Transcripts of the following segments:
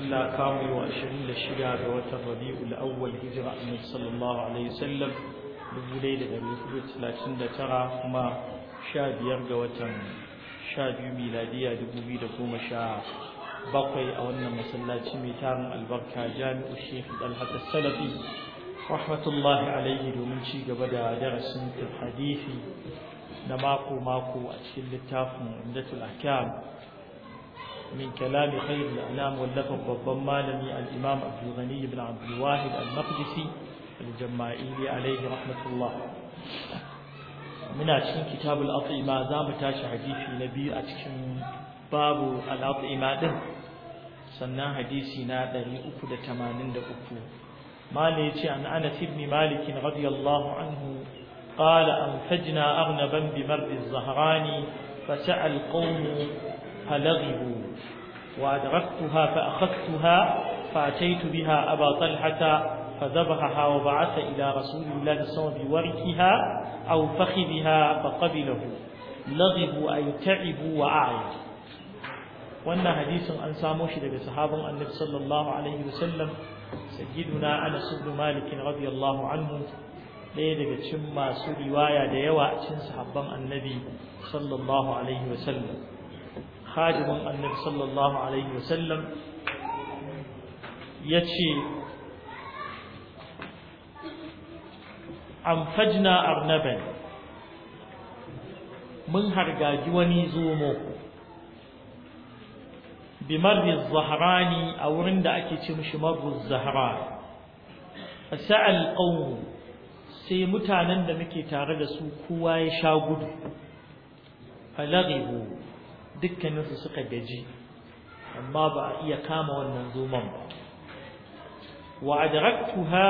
Allah kamu wa ashirin da shida ga watan Rabi'ul Awwal hijira Annabi sallallahu alaihi wasallam dubu dai da ɗari hudu talatin da tara kuma sha biyar ga watan sha biyu miladiya dubu biyu da goma sha bakwai a wannan masallaci mai tarin albarka jami'u Sheikh Dalhat Salafi rahmatullahi alaihi domin ci gaba da darasin hadisi na mako mako a cikin littafin Umdatul Ahkam من كلام خير الأنام واللفظ والضمى من الإمام عبد الغني بن عبد الواحد المقدسي الجمائي عليه رحمة الله من أجل كتاب الأطئمة زام تاشي حديثي نبي أجل باب الأطئمة سنة حديثي نادري أفد تمانين دقفو ما نيتي عن أنس بن مالك رضي الله عنه قال أنفجنا أغنبا بمرض الزهراني فسأل قوم فلغبوا وأدركتها فأخذتها فأتيت بها أبا طلحة فذبحها وبعث إلى رسول الله صلى الله عليه وسلم بوركها أو فخذها فقبله لغبوا أي تعبوا وأعيوا وأن حديث أن ساموش لدى صحابة النبي صلى الله عليه وسلم سيدنا أنس بن مالك رضي الله عنه ɗaya daga cikin masu riwaya da yawa a cikin sahabban annabi sallallahu alaihi wasallam khadimin annabi sallallahu alaihi wasallam yace amfajna arnaban mun hargaji wani zomo Zahra zahrani a wurin da ake ce mishi marru zahra fasa'al qawm sai mutanen da muke tare da su kowa ya sha gudu falaghibu dukkaninsu suka gaji amma ba a iya kama wannan zoman ba wa adraktuha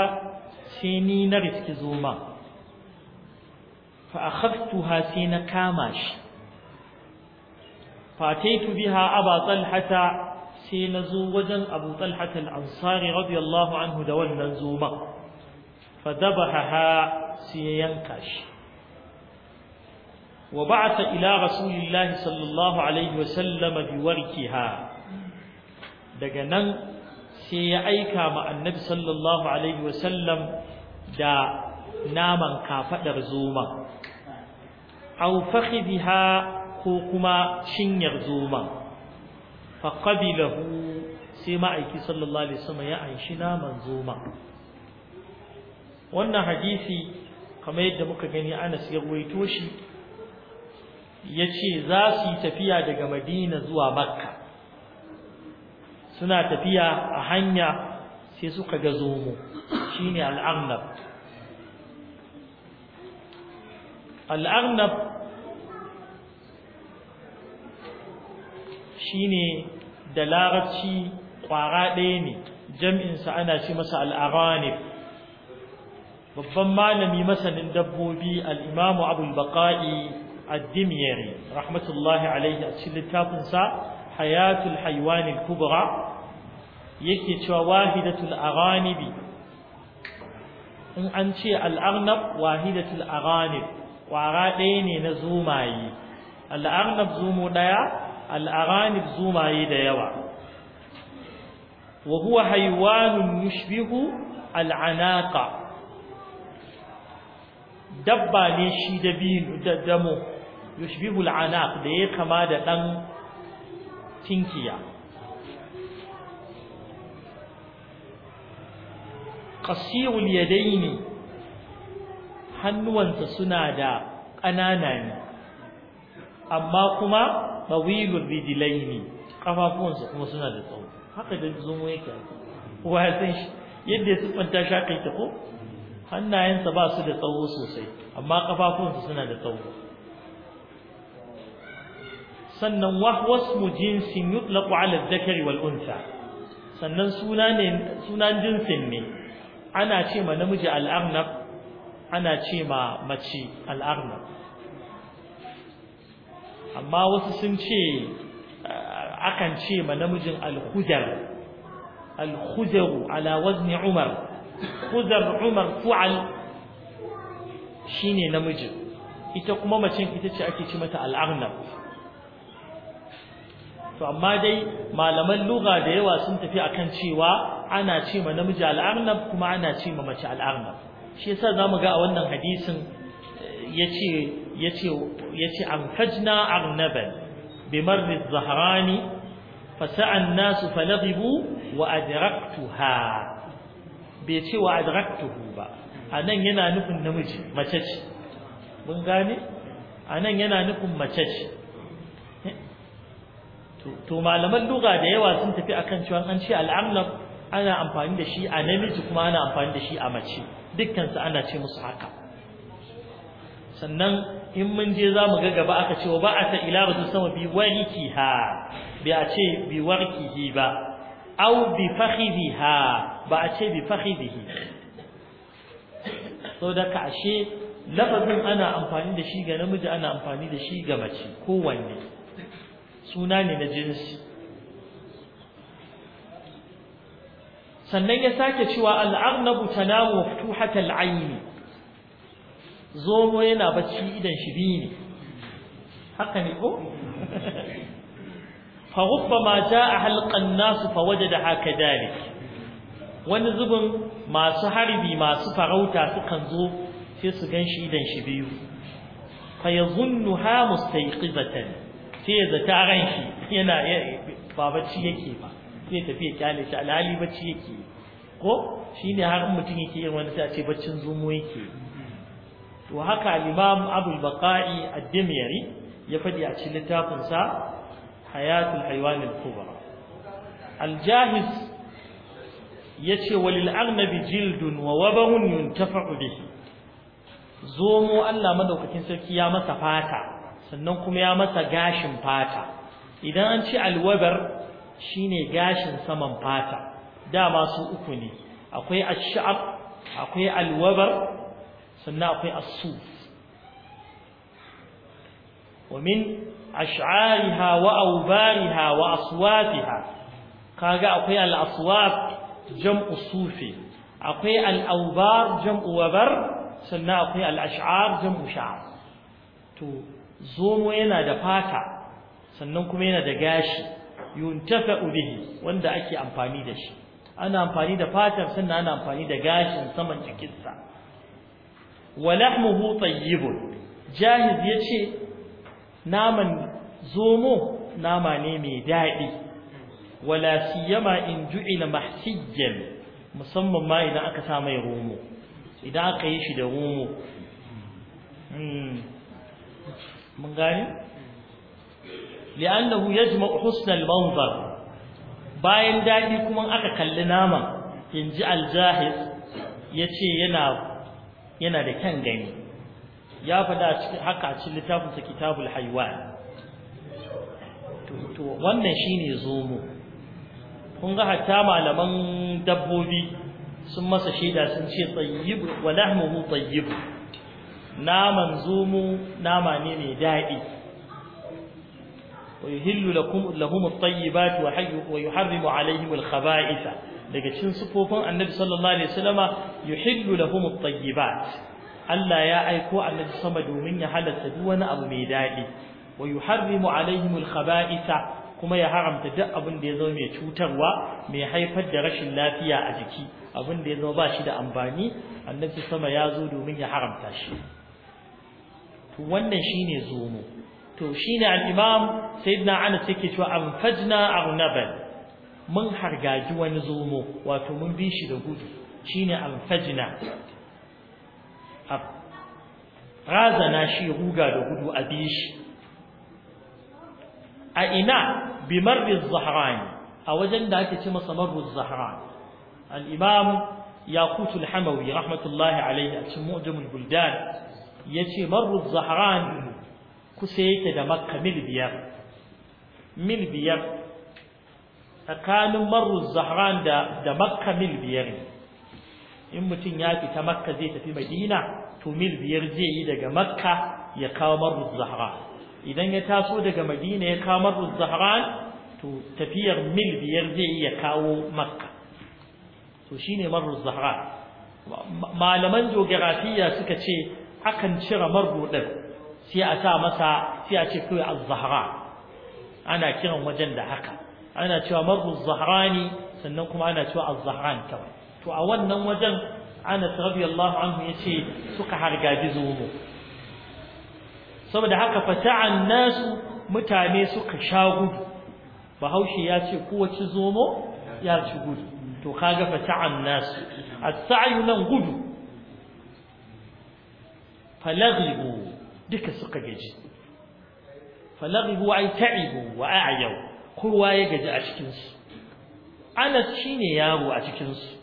sai ni na riski zoman fa akhadtuha sai na kama shi fataitu biha aba talhata sai na zo wajen abu talhata ansari radiyallahu anhu da wannan zoman fa dabaha sai yanka shi وبعث إلى رسول الله صلى الله عليه وسلم بوركها دقنا سيأيك مع النبي صلى الله عليه وسلم دا ناما كافأ زوما أو فخذها كوكما شنير زوما فقبله سيمعك صلى الله عليه وسلم يعيشنا من زوما وانا حديثي kamar yadda muka gani Anas ya ruwaito shi ya ce za su yi tafiya daga madina zuwa makka suna tafiya a hanya sai suka ga zomo shi ne al'arnab al'arnab shi ne da larabci ƙwara ɗaya ne jam'insa ana ce masa ne. babban malami masanin dabbobi al'imamu abul baƙa'i الدميري رحمة الله عليه أتشل التابنسا حياة الحيوان الكبرى يكي واحدة الأغانب إن أنشي الأغنب واحدة الأغانب وعرائين نزوماي الأغنب زومو ديا الأغانب زوماي ديا وهو حيوان يشبه العناقة دبا ليشي دبين دمو yushbihul anaq da ya kama da dan tinkiya qasirul yadaini hannuwansa suna da ƙanana ne amma kuma tawilul rijlaini kafafunsa kuma suna da tsawo haka da zumo yake wa san shi yadda ya kwanta shakaita ko hannayensa ba su da tsawo sosai amma kafafunsa suna da tsawo sannan wasmu jinsin yutlaqu ala dhakari wal unsa sannan suna ne sunan jinsin ne ana ce ma namiji al-arnab ana ce ma mace al-arnab amma wasu sun ce eh, akan ce ma namijin al-khudar al-khudar ala wazni umar khudar umar fu'al shine namijin ita kuma macen ita ce ake ce mata al-arnab to amma dai malaman lugha da yawa sun tafi akan cewa ana ce ma namiji al'arnab kuma ana ce ma mace al'arnab shi yasa zamu ga a wannan hadisin eh, yace yace yace an fajna arnaban bimarri zahrani fasa'a an-nasu falaghibu wa adraktuha bai ce wa adraktuhu ba anan yana nufin namiji mace ce mun gane anan yana nufin mace ce to malaman lugha da yawa sun tafi akan cewa an ce al'amlar ana amfani da shi a namiji kuma ana amfani da shi a mace dukkan su ana ce musu haka sannan in mun je za mu ga gaba aka ce wa ba a ta ila ba sama bi ha? bi a ce bi hi ba au bi ha ba a ce bi fakhidhi so da ka ashe lafazin ana amfani da shi ga namiji ana amfani da shi ga mace kowanne suna ne na jinsi sannan ya sake cewa al'arnabu tanamu maftuhatal aini zomo yana bacci idan shi biyu ne haka ne ko fa rubbama jaa halqan nas fa haka dare. wani zubin masu harbi masu farauta sukan zo sai su ganshi idan shi biyu fa yazunnuha mustayqizatan sai ya zata ran shi yana ba bacci yake ba sai tafi ya kyale shi alhali bacci yake ko shine har mutum yake yin wani sai a ce baccin zumo yake to haka limam imam Abu al-Baqai ad-Dimyari ya fadi a cikin littafin sa Hayatul Haywan al-Kubra al-Jahiz yace walil agnabi jildun wa wabahun yuntafa'u bihi zomo Allah madaukakin sarki ya masa fata sannan kuma ya masa gashin fata idan an ci alwabar shine gashin saman fata dama su uku ne akwai ash akwai alwabar sannan akwai as-suf ومن أشعارها وأوبارها وأصواتها كاغا أقوي الأصوات جمع صوفي أقوي الأوبار جمع وبر سنة أقوي الأشعار جمع شعر تو zomo yana da fata sannan kuma yana da gashi yuntafa bihi wanda ake amfani da shi ana amfani da fatar sannan ana amfani da gashin saman jikinsa wa lahmuhu tayyibun jahiz yace naman zomo nama ne mai daɗi wala siyama in ju'ila mahsijjan musamman ma idan aka sa mai romo idan aka yi shi da romo hmm. mun gane li'annahu yajma'u husn manzar bayan dadi kuma aka kalli nama inji al yace yana yana da kyan gani ya fada cikin haka a cikin littafin sa kitabul haywan to to wannan shine zomo kun ga hatta malaman dabbobi sun masa shaida sun ce tayyib wa lahmuhu tayyib naman zumu nama ne mai daɗi ويهل لكم لهم الطيبات ويحرم عليهم الخبائث daga cikin sufofin annabi sallallahu alaihi wasallama yuhillu lahum at-tayyibat Allah ya aiko annabi sama domin ya halatta duk wani abu mai daɗi. wa yuharrimu alaihim al-khaba'itha kuma ya haramta duk abin da ya zama mai cutarwa mai haifar da rashin lafiya a jiki abin da ya zama ba shi da amfani annabi sama ya zo domin ya haramta shi Wannan wannan ne zomo to shine alimam sai na ana yake cewa a arnaban mun hargaji wani zomo wato mun bi shi da gudu shine anfajna razana shi ruga da gudu a bi shi a ina bi zahra zahrani a wajen da ake ce masa marru zahrani al-imam yaqutul rahmatullahi alayhi a cikin mu'jamul buldan ya ce marru zahran kusa yake da makka mil biyar mil biyar tsakanin marru zahran da makka mil biyar in mutum ya fita makka zai tafi madina to mil biyar zai yi daga makka ya kawo marru zahran idan ya taso daga madina ya kawo marru zahran to tafiyar mil biyar zai yi ya kawo makka to ne marru zahran malaman geografiya suka ce akan cire margo din sai a sa masa sai a ce kawai az-zahra ana kiran wajen da haka ana cewa margo az-zahrani sannan kuma ana cewa az-zahran kawai to a wannan wajen Anas Allah anhu yace suka hargaji zomo. saboda haka fata'an nasu mutane suka sha gudu bahaushe ya ce kowace zomo ya ci gudu to kaga fata'an nasu as-sa'yu nan gudu فلغبوا ديك سقى جج فلغبوا أي تعبوا وأعيوا قوا يجد أشكنس أنا تشيني يا أبو أشكنس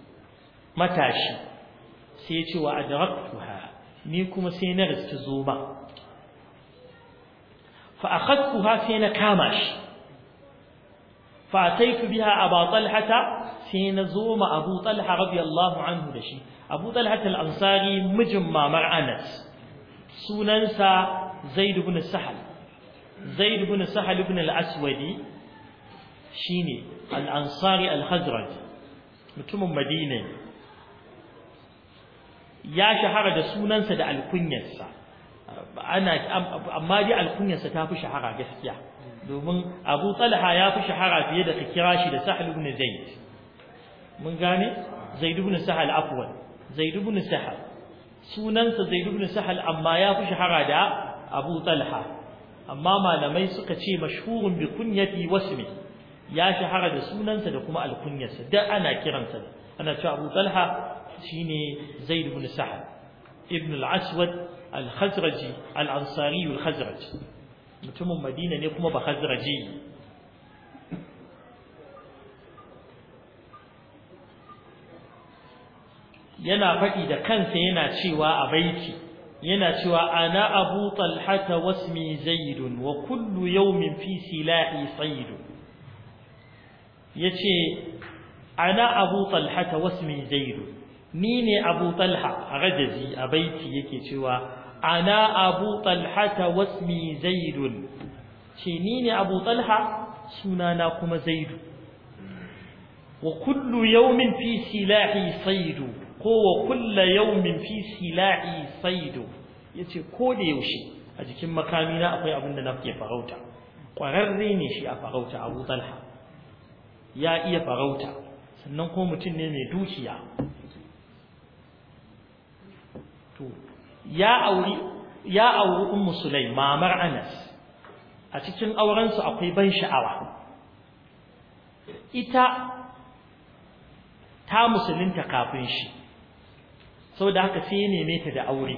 ما تعشي سيت وأدركتها ميكم سينغز تزوما فأخذتها سين كامش فأتيت بها أبا طلحة سين زوما أبو طلحة رضي الله عنه لشي أبو طلحة الأنصاري مجمع مع مرعنس sunansa Zaidu ibn sahal zaid ibn sahal ibn al-aswadi shine al-ansari al-hazraj mutumin madina ya shahara da sunansa da alkunyarsa ana amma dai alkunyarsa ta fi shahara gaskiya domin Abu Talha ya fi shahara fiye da kira shi da Sahal ibn Zaid mun gane Zaid ibn Sahal afwan Zaid ibn Sahal sunansa zai ibn sahal amma ya fi shahara da abu talha amma malamai suka ce mashhurun bi kunyati wasmi ya shahara da sunansa da kuma alkunyarsa da ana kiransa ana cewa abu talha shine zaid ibn sahal ibn al-aswad al-khazraji al-ansari al-khazraji mutumin madina ne kuma ba khazraji yana faɗi da kansa yana cewa a baiti yana cewa ana abu talhata wasmi zaidun wa kullu yawmin fi silahi sayidu yace ana abu talhata wasmi zaidun ni ne abu talha a rajazi a baiti yake cewa ana abu talhata wasmi zaidun ce ni ne abu talha sunana kuma zaidu wa kullu yawmin fi silahi sayidu. ko wa kulla yawmin fi sila'i saidu yace ko da yaushe a jikin makami na akwai abin da nake farauta kwararre ne shi a farauta Abu Talha ya iya farauta sannan ko mutum ne mai dukiya to ya auri ya auri ummu mamar Anas a cikin auren su akwai ban sha'awa ita ta musulunta kafin shi saboda haka sai ya neme ta da aure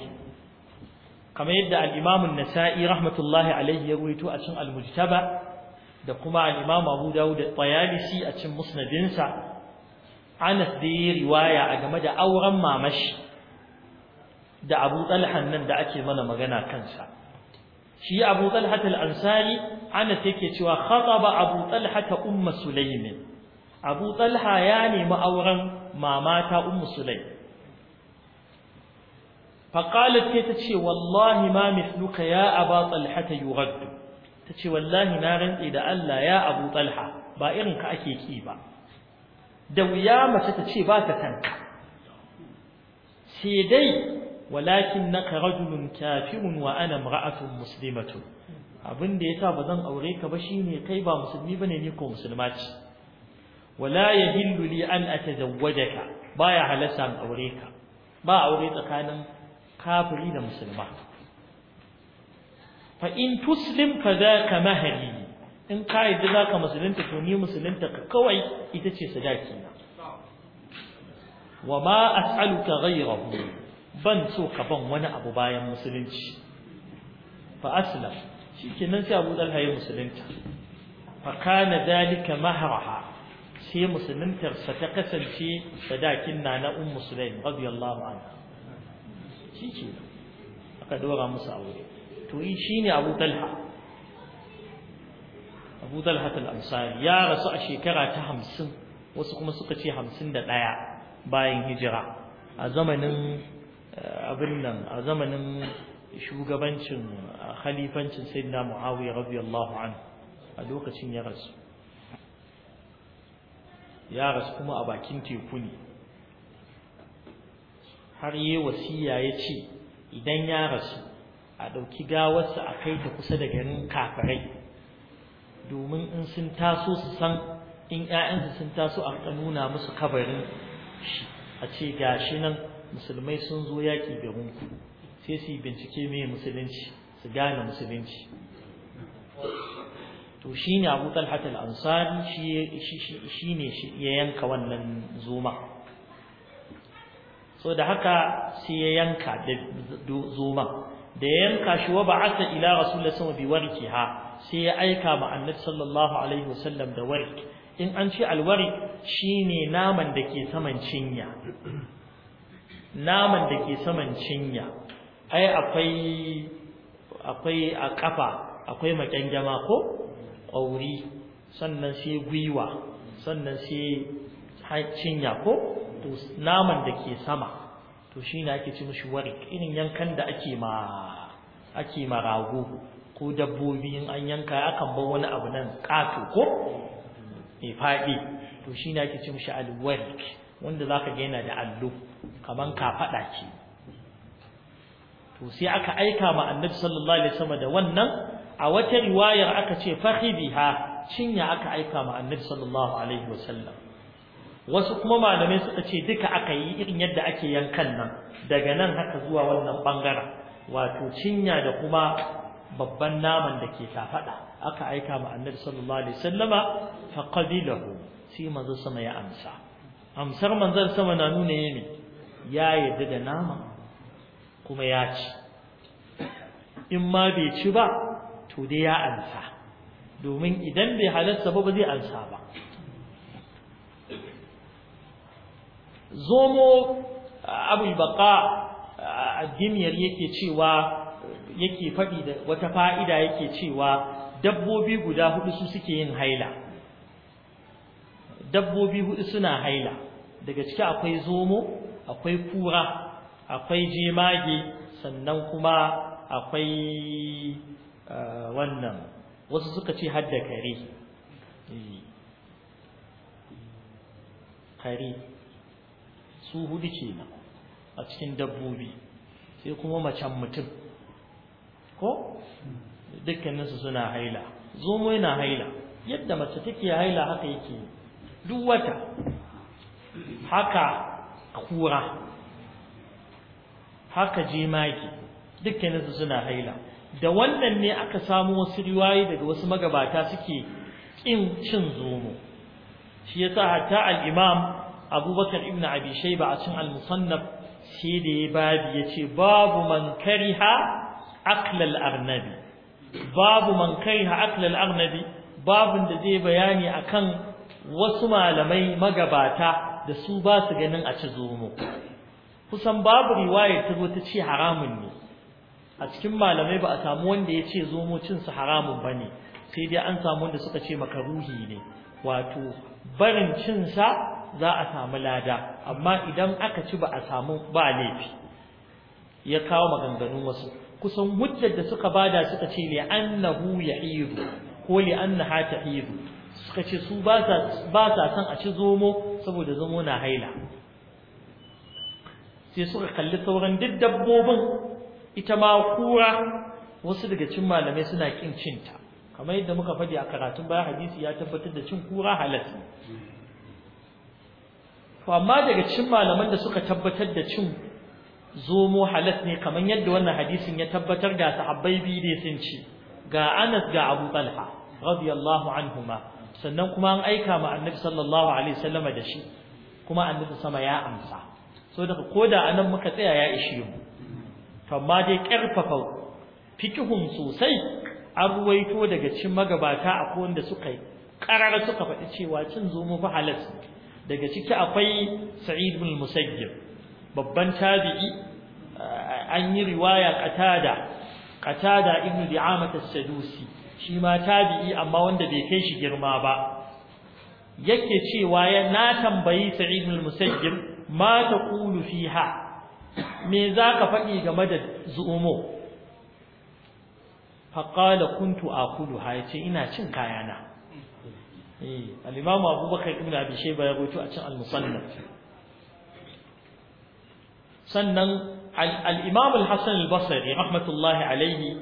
kamar yadda al-Imam an-Nasa'i rahmatullahi alayhi ya ruwaito a cikin al-Mujtaba da kuma al-Imam Abu Dawud at-Tayalisi a cikin musnadinsa Anas da yi riwaya a game da auren mamashi da Abu Talha nan da ake mana magana kansa shi Abu Talha al-Ansari Anas yake cewa khataba Abu Talha ta Ummu Sulaym Abu Talha ya nemi auren mamata Ummu Sulaym faƙalar ke ta ce wallahi ma mithluka ya abu talha ta yi waddu ta ce wallahi na rantse da Allah ya abu tsalha, ba irin ka ake ki ba da wuya mace ta ce ba ta tanka sai dai walakin na karajunun kyafirun wa ana ra'atun musulmatu abin da ya sa ba zan aure ka ba shi ne kai ba musulmi ba ne ni ko musulma ce wala ya hindu li an a ta zawwadaka ba ya aure ka ba aure tsakanin kafiri da musulma fa in tuslim fa zaka mahali in ka yadda zaka musulunta to ni musulunta ka kawai ita ce sadaki na wa ma as'aluka ghayrahu ban so ka ban wani abu bayan musulunci fa aslam shikenan sai Abu Talha ya musulunta fa kana dalika mahraha sai musuluntarsa sa ta kasance sadakin na na ummu sulaim radiyallahu anha shi ce aka dora musu aure to yi shi ne abu talha abu talha al-ansari ya rasu a shekara ta hamsin wasu kuma suka ce hamsin da ɗaya bayan hijira a zamanin eh, abin nan a zamanin shugabancin eh, khalifancin sayyidina muawiya radiyallahu anhu a lokacin ya rasu ya rasu kuma a bakin teku ne har yi wasiya ya ce idan ya rasu a ɗauki gawarsa a kai ta kusa da garin kafirai domin in sun taso su san in ‘ya'yansu sun taso a nuna musu kabarin shi a ce gashi nan musulmai sun zo yaƙi garin ku sai su yi bincike mai musulunci su gane musulunci to shi ne abu hatar ansari shi ne ya yanka wannan zoma so da haka sai ya yanka da zoma da ya yanka shi wa ba'atha ila rasulullahi sallallahu alaihi wasallam bi warqiha sai ya aika ma annabi sallallahu alaihi wasallam da warq in an ce alwari shine naman da ke saman cinya naman da ke saman cinya ai akwai akwai a kafa akwai makengama ko auri sannan sai gwiwa sannan sai cinya ko to naman da ke sama to shi ne ake ci mushi warik irin yankan da ake ma ake ma rago ko dabbobi in an yanka akan bar wani abu nan ƙato ko mai faɗi to shi ne ake ci mushi alwarik wanda za ka yana da allo kamar kafaɗa ce to sai aka aika ma annabi sallallahu alaihi wasallam da wannan a wata riwayar aka ce fahibiha cinya aka aika ma annabi sallallahu alaihi wasallam wasu kuma malamai suka ce duka aka yi irin yadda ake yankan nan daga nan haka zuwa wannan bangaren wato cinya da kuma babban naman da ke tafaɗa aka aika ma annabi sallallahu alaihi wasallama fa qabilahu sai manzo sama ya amsa amsar manzon sama na nuna yemi ya yadda da nama kuma ya ci in ma bai ci ba to dai ya amsa domin idan bai halatta ba ba zai amsa ba zomo abul a addiniyar yake cewa yake faɗi da wata fa'ida yake cewa dabbobi guda hudu su suke yin haila dabbobi hudu suna haila daga ciki akwai zomo akwai kura akwai jemage sannan kuma akwai wannan wasu suka ce hadda kare eh. kare su hudu nan a cikin dabbobi sai kuma macen mutum ko dukkaninsu suna haila zomo yana haila yadda mace take haila haka yake duk wata haka kura haka jemage dukkaninsu suna haila da wannan ne aka samu wasu riwaye daga wasu magabata suke kin cin zomo shi ya sa hatta al'imam. abubakar ibn abi shayba a cin al-musannaf sai da ya babu yace babu man kariha aqla al-arnabi babu man kariha aqla al-arnabi babu da zai bayani akan wasu malamai magabata da su ba su ganin a ci zomo kusan babu riwaya ta zo ta ce haramun ne a cikin malamai ba a samu wanda ya ce zomo cin su haramun bane sai dai an samu wanda suka ce makaruhi ne wato barin cin sa za a samu lada amma idan aka ci ba a samu ba laifi ya kawo maganganun wasu kusan hujjar da suka bada suka ce li annahu ya'idu ko li annaha ta'idu suka ce su ba sa san a ci zomo saboda zomo na haila sai suka kalli sauran duk dabbobin ita ma kura wasu daga cin malamai suna kin cinta kamar yadda muka faɗi a karatun baya hadisi ya tabbatar da cin kura halal to amma daga cikin malaman da suka tabbatar da cin zomo halat ne kamar yadda wannan hadisin ya tabbatar ga sahabbai biyu ne sun ci ga Anas ga Abu Talha radiyallahu anhuma sannan kuma an aika ma Annabi sallallahu alaihi wasallam da shi kuma Annabi sama ya amsa so ko da anan muka tsaya ya ishe mu to amma dai karfafa fikihun sosai an ruwaito daga cikin magabata akwai wanda suka karar suka faɗi cewa cin zomo fa halas daga ciki akwai sa'id ibn musayyib babban tabi'i an yi riwaya qatada qatada ibn di'amat as shi ma tabi'i amma wanda bai kai shi girma ba yake cewa ya na tambayi sa'id ibn musayyib ma taqulu fiha me zaka faɗi game da zuumo qala kuntu ha yace ina cin kayana eh al abubakar ibn abi shayba ya rawaito a cikin al sannan al-imam al rahmatullahi alaihi,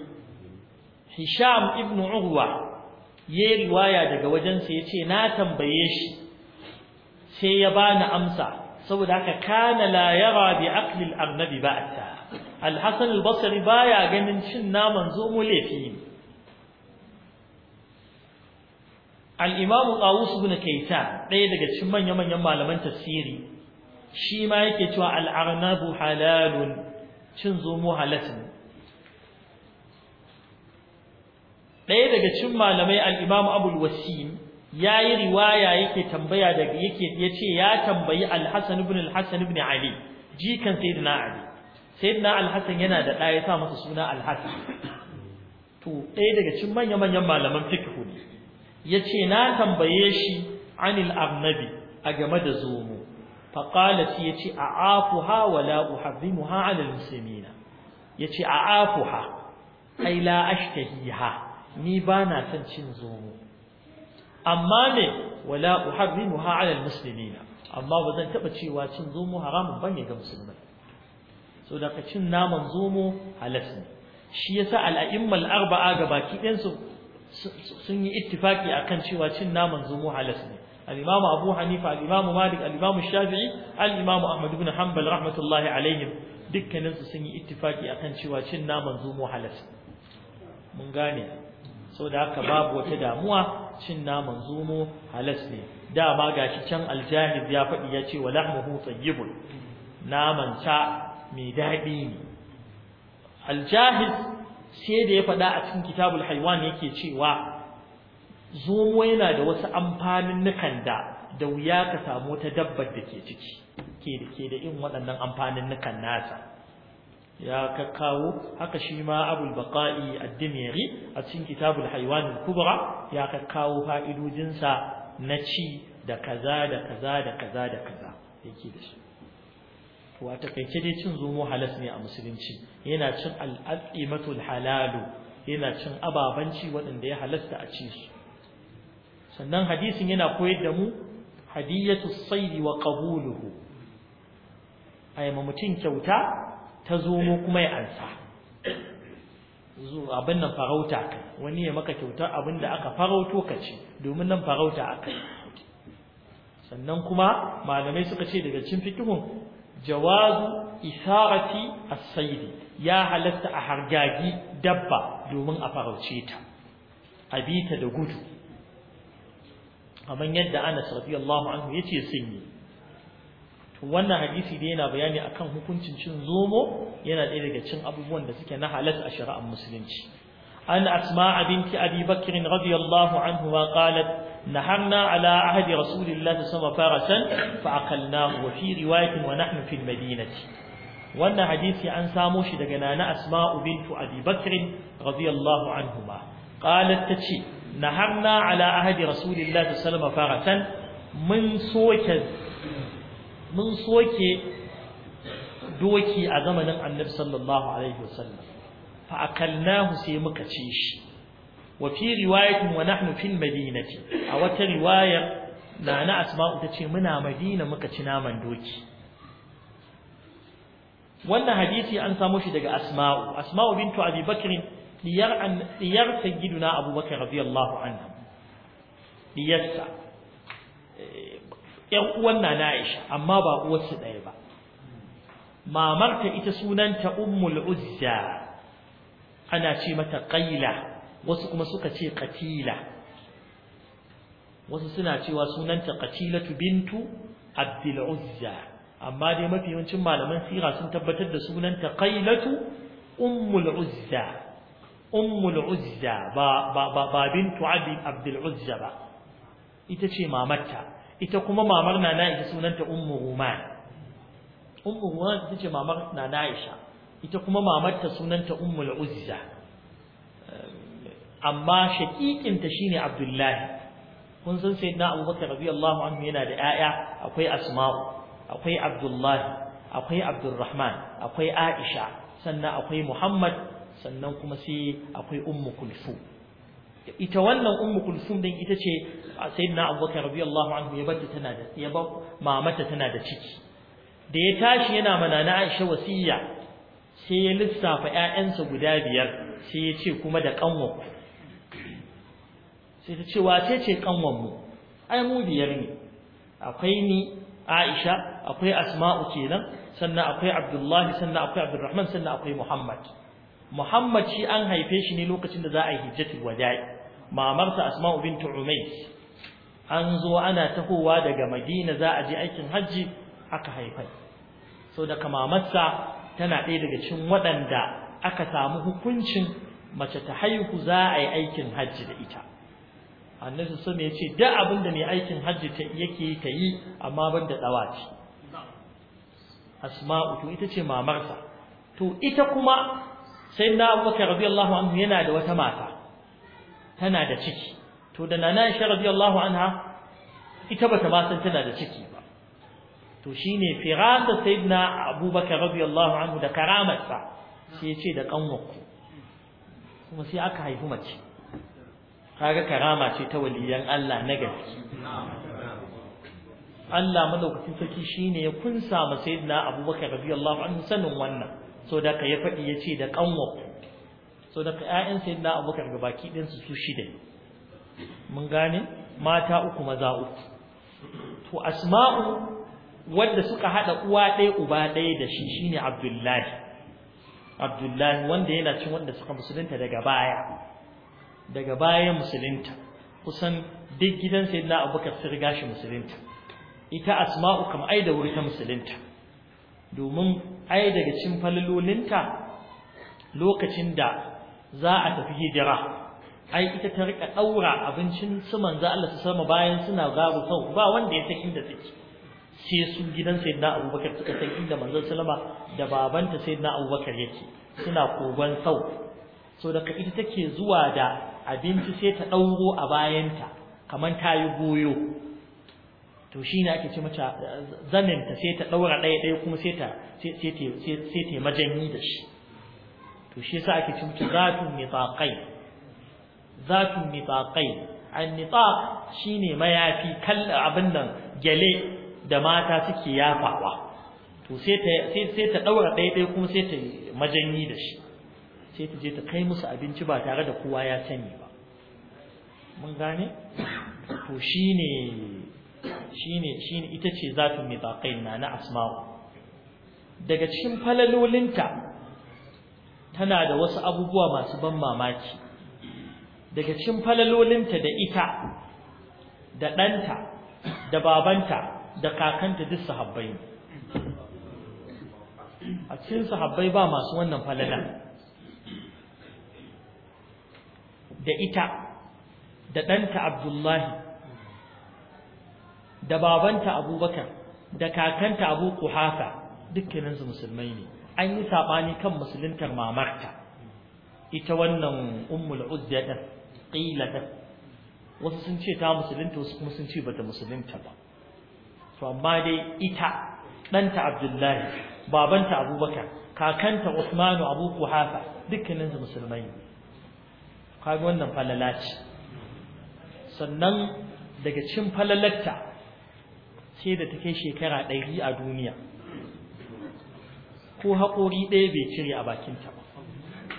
hisham ibn urwa yayi riwaya daga wajensa yace na tambaye shi sai ya bani amsa saboda haka kana la yara bi aqli arnabi ba. al-hasan al-basri baya ganin cin naman zomo laifi al-imamu qawus ibn kayta ɗaya daga cikin manya-manyan malaman tafsiri shi ma yake cewa al-arnabu halalun cin zomo halatin ɗaya daga cikin malamai al-imamu abul wasim yayi riwaya yake tambaya daga yake yace ya tambayi al-hasan ibn al-hasan ibn ali jikan sayyidina ali sayyidina al-hasan yana da ɗaya ya sa masa suna al-hasan to ɗaya daga cikin manya-manyan malaman fiqh ne yace na tambaye shi anil arnabi a game da zomo faqalat yace a'afuha wala uharrimuha 'ala al-muslimina yace a'afuha ai la ashtahiha ni bana son cin zomo amma ne wala uharrimuha 'ala al-muslimina amma bazan taɓa cewa cin zomo haramun bane ga musulmai so da cin naman zomo halas ne shi yasa al-a'immal arba'a ga baki ɗansu sun yi ittifaki akan cewa cin naman zumu halas ne al-imam abu hanifa al-imam malik al-imam shafi'i al-imam ahmad ibn hanbal rahmatullahi alaihim dukkanin su sun yi ittifaki akan cewa cin naman zumu halas mun gane saboda haka babu wata damuwa cin naman zumu halas ne dama gashi can al-jahid ya faɗi ya ce wa lahmuhu tayyibun naman ta mai daɗi ne al-jahid sai da ya faɗa a cikin kitabul haiwan yake cewa zomo yana da wasu amfanin nukan da da wuya ka samu ta dabbar da ke ciki ke da ke da in waɗannan amfanin nukan nasa ya kakkawo haka shi ma abul baqa'i ad-dimyari a cikin kitabul haiwan kubra ya kakkawo fa'idojinsa na ci da kaza da kaza da kaza da kaza yake da shi to a takaice dai cin zumo halas ne a musulunci yana cin al-aqimatul halalu yana cin ababanci waɗanda ya halasta a ci su sannan hadisin yana koyar da mu hadiyatu sayd wa qabuluhu ai ma mutun kyauta ta zomo kuma ya ansa zuwa abin nan farauta wani ya maka kyauta abin aka farauto ka ci domin nan farauta akai sannan kuma malamai suka ce daga cikin fikihun jawazu isarati a sayd ya halatta a hargagi dabba domin a farauce ta a bita da gudu kamar yadda Anas radiyallahu anhu ce sun yi to wannan hadisi da yana bayani akan hukuncin cin zomo yana ɗaya daga cin abubuwan da suke na halatta a shari'ar musulunci an asma'a binti abi bakr radiyallahu anhu ma نحرنا على عهد رسول الله صلى الله عليه وسلم فرسا فأقلناه وفي رواية ونحن في المدينة وأن حديثي عن ساموش دقنانا أسماء بنت أبي بكر رضي الله عنهما قالت تشي نحرنا على عهد رسول الله صلى الله عليه وسلم فرسا من سوك من سوك دوكي أزمنا النبي صلى الله عليه وسلم فأقلناه سيمك تشيش وفي رواية ونحن في المدينة أو رواية لا أنا أسماء تشي منا مدينة مكتنا من دوكي وأن حديثي أن ساموش دق أسماء أسماء بنت أبي بكر لير, أن لير سيدنا أبو بكر رضي الله عنه ليسع يقولنا نائشة أما بقوة سدايبا ما مرت إتسونان تأم العزة أنا شيمة قيلة wasu kuma suka ce qatila wasu suna cewa sunanta qatilatu bintu abdul uzza amma dai mafi yawancin malaman sira sun tabbatar da sunanta qailatu ummul uzza ummul uzza ba ba ba bintu abdul uzza ba ita ce mamarta ita kuma mamar na na'isha sunanta ummu ruman ummu ruman ita ce mamar na na'isha ita kuma mamarta sunanta ummul uzza amma shaƙiƙinta ne Abdullahi kun san sayyidina Abubakar radiyallahu anhu yana da 'ya'ya akwai Asma'u akwai Abdullahi akwai Abdurrahman akwai Aisha sannan akwai Muhammad sannan kuma sai akwai Ummu Kulfu. ita wannan Ummu Kulfun din ita ce sayyidina Abubakar radiyallahu anhu ya bata tana da ya ba mamata tana da ciki da ya tashi yana mana na Aisha wasiya sai ya lissafa 'ya'yansa guda biyar sai ya ce kuma da kanwa sai ta ce wace ce kanwan mu ai mu biyar ne akwai ni Aisha akwai Asma'u kenan sannan akwai Abdullahi sannan akwai Abdurrahman sannan akwai Muhammad Muhammad shi an haife shi ne lokacin da za a yi hijjatul wada'i mamarsa Asma'u bintu Umays an zo ana tahowa daga Madina za a je aikin hajji aka haifa so da kamamarsa tana ɗaya daga cikin waɗanda aka samu hukuncin mace ta haihu za a yi aikin hajji da ita annabi sama ya ce da abin da mai aikin hajji yake ta yi amma ban da ce.' asma'u to ita ce mamarsa to ita kuma sai na abubakar radiyallahu anhu yana da wata mata tana da ciki to da nana aisha radiyallahu anha ita bata ma san tana da ciki ba to shine firasa sayyidina abubakar radiyallahu anhu da karamarsa sai ya ce da kanwarku kuma sai aka haifi mace kaga karama ce ta waliyan Allah na gari Allah madaukakin sarki shine ya kunsa ma sayyidina Abubakar radiyallahu anhu sanin wannan so da ya faɗi ya ce da kanwa so da ƴaƴan sayyidina Abubakar ga baki ɗin su shida mun gane mata uku maza uku to Asma'u wanda suka hada uwa ɗaya uba ɗaya da shi shine Abdullahi Abdullahi wanda yana cin wanda suka musulunta daga baya daga baya musulunta kusan duk gidan sayyidina abubakar sun riga shi musulunta ita asma'u kam ai da wuri ta musulunta domin ai daga cin falalolinta lokacin da za a tafi hijira ai ita ta rika daura abincin su manzo Allah su sama bayan suna gabu sau ba wanda ya san inda take sai su gidan sayyidina abubakar suka san inda manzo sallama da babanta sayyidina abubakar yake suna kogon sau so daga ita take zuwa da abinci sai ta ɗauro a bayanta kamar ta yi goyo to shi ne ake ce mata zaninta sai ta ɗaura ɗaya ɗaya kuma sai ta yi majanyi da shi to shi sa ake ce mata zatun nitaƙai zatun nitaƙai an nitaƙ shi ne mayafi kalla abin nan gyale da mata suke yafawa to sai ta ɗaura ɗaya ɗaya kuma sai ta yi majanyi da shi sai ta je ta kai musu abinci ba tare da kowa ya sani ba mun gane to shine shine shine ita ce mai mitaqain na na asma'u daga cikin falalolinta tana da wasu abubuwa masu ban mamaki daga cikin falalolinta da ita da ɗanta da babanta da kakanta duk sahabbai a cikin sahabbai ba masu wannan falala da ita da ɗanta abdullahi da babanta abubakar da kakanta abu kuhafa dukkaninsu musulmai ne an yi saɓani kan musuluntar mamarta ita wannan ummul uzza ɗin ƙila ɗin wasu sun ce ta musulunta wasu kuma sun ce bata musulunta ba to amma dai ita ɗanta abdullahi babanta abubakar kakanta usmanu abu kuhafa dukkaninsu musulmai ne kaga wannan falala sannan daga cin falalatta sai da ta shekara ɗari a duniya ko haƙori ɗaya bai cire a bakinta ba